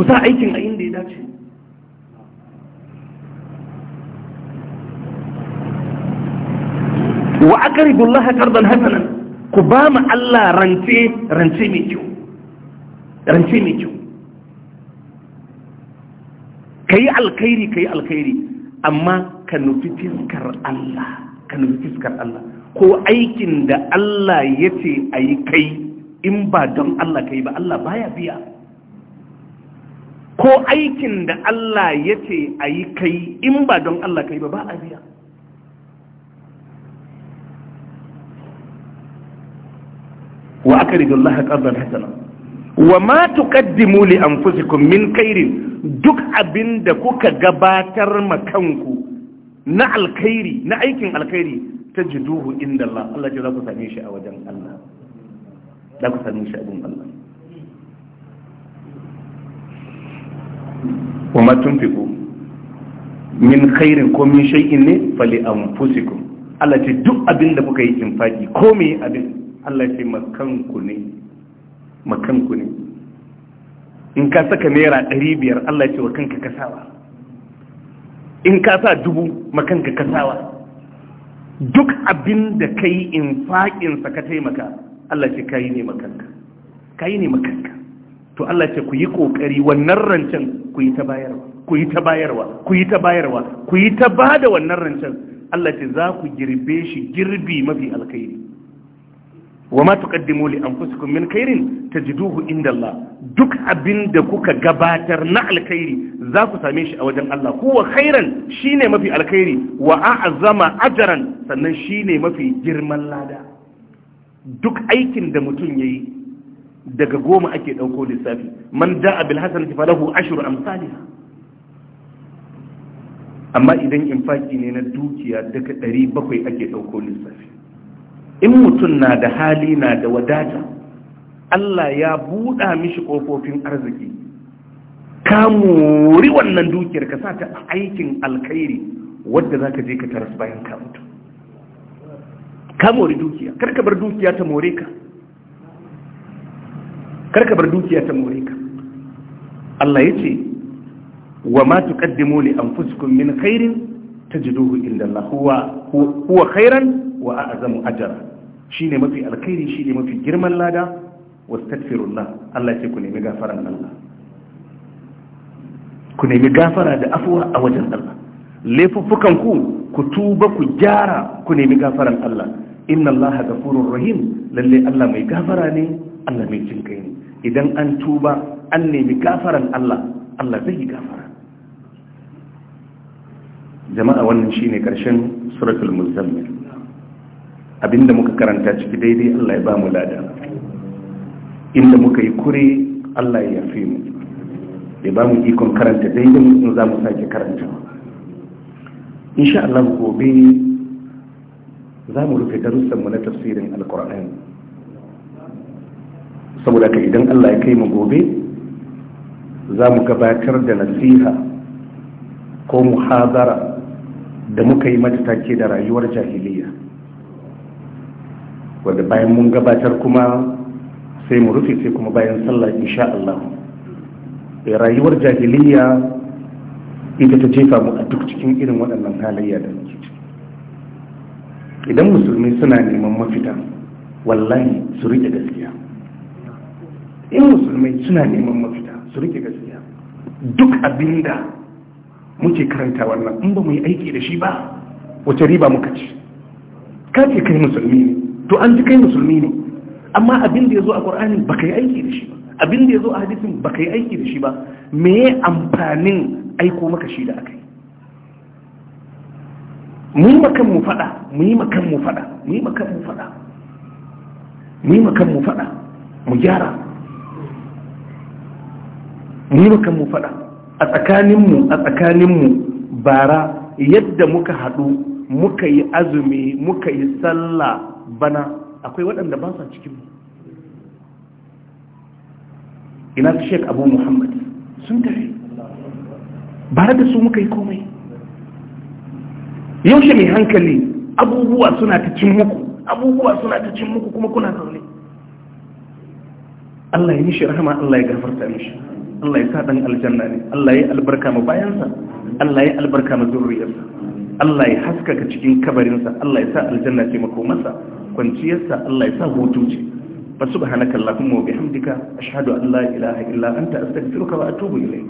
ku sa aikin a inda ya dace wa aqridullah qardan hasanan ku ba mu Allah rance rance mai kyau rance mai kyau kai alkhairi kai alkhairi amma ka nufi fiskar Allah ka nufi fiskar Allah ko aikin da Allah ya ce a yi kai in ba don Allah kai ba Allah baya biya ko aikin da Allah ya ce a yi kai in ba don Allah kai ba ba a biya wa aqridu Allah qardan hasana wa ma tuqaddimu li min khairin duk abinda kuka gabatar ma kanku na alkhairi na aikin alkhairi tajiduhu inda Allah Allah ya ku a wajen Allah za a Allah wa min khairin ko min shay'in ne fali anfusikum Allah abinda kuka yi infaki ko me abin Allah ce makanku ne makanku ne in ka saka naira ɗari biyar Allah ce wa kanka kasawa in ka sa dubu makanka kasawa duk abin da ka yi in faƙinsa ka taimaka Allah ce ka yi ne makanka ka yi ne makanka to Allah ce ku yi ƙoƙari wannan rancen ku yi ta bayarwa ku yi ta bayarwa ku yi ta bayarwa ku yi ta ba da wannan rancen Allah ce za ku girbe shi girbi mafi alkhairi wa ma tuqaddimu li anfusikum min khairin tajiduhu inda Allah duk abinda kuka gabatar na alkhairi za ku same shi a wajen Allah huwa khairan shine mafi alkhairi wa a'zama ajran sannan shine mafi girman lada duk aikin da mutum yayi daga goma ake dauko lissafi man da'a bil hasanati falahu ashru amsalha amma idan infaki ne na dukiya daga 700 ake dauko lissafi in mutum na da hali na da wadata Allah ya buɗa mishi ƙofofin arziki ka muri wannan dukiyar ka sa ta aikin alkhairi wadda za ka je ka taras bayan ka mutu ka mori dukiya karka bar dukiya ta more ka karka bar dukiya ta more ka Allah ya ce wa ma tuqaddimu li anfusikum min khairin tajiduhu inda Allah huwa huwa khairan wa a'zamu ajran Shi ne mafi shi ne mafi girman lada wastaghfirullah Allah ce ku nemi gafara Allah ku nemi gafara da afuwa a wajen Allah laifuffukan ku ku tuba ku gyara ku nemi gafaran Allah inna Allah ghafurur rahim lalle Allah mai gafara ne Allah mai jin kai ne idan an tuba an nemi gafaran Allah Allah zai yi gafara jama'a wannan shine karshen suratul muzammil abinda muka karanta ciki daidai Allah ya ba mu lada inda muka yi kure Allah ya yafe mu ya ba mu ikon karanta daidai in za mu sake karanta insha Allah gobe za mu rufe darussanmu na tafsirin alkur'ani saboda ka idan Allah ya kai mu gobe za mu gabatar da nasiha ko muhazara da muka yi mata take da rayuwar jahiliya wanda bayan mun gabatar kuma sai mu rufe sai kuma bayan sallah insha Allah eh, rayuwar jahiliya ita ta jefa mu a duk cikin irin waɗannan halayya da muke idan musulmi suna neman mafita wallahi su rike gaskiya in musulmai suna neman mafita su rike gaskiya duk abinda muke karanta wannan in ba mu yi aiki da shi ba wace riba muka ci ka kai musulmi ne to an ji kai musulmi ne amma abin da ya zo a ƙwar'ani ba ka yi aiki da shi ba abin da ya zo a hadisin ba ka yi aiki da shi ba me ya amfanin aiko maka shi da aka yi mu yi makan mu faɗa mu yi makan mu faɗa mu yi makan mu faɗa mu yi makan mu faɗa mu gyara mu yi makan mu faɗa a tsakaninmu a tsakaninmu bara yadda muka haɗu muka yi azumi muka yi sallah bana akwai waɗanda ba sa cikinmu ina su shek abu muhammad sun tafi ba da su muka yi komai yaushe mai hankali abubuwa suna ta cin muku abubuwa suna ta cin muku kuma kuna zaune Allah ya nishi rahama Allah ya gafarta mishi Allah ya sa dan aljanna ne Allah ya albarka ma bayansa Allah ya albarka ma zurriyarsa, Allah ya haskaka cikin kabarinsa Allah ya sa aljanna ce makomarsa kwanciyarsa Allah ya sa hutu ce fa subhanaka allahumma wa bihamdika ashhadu an la ilaha illa anta astaghfiruka wa atubu ilayk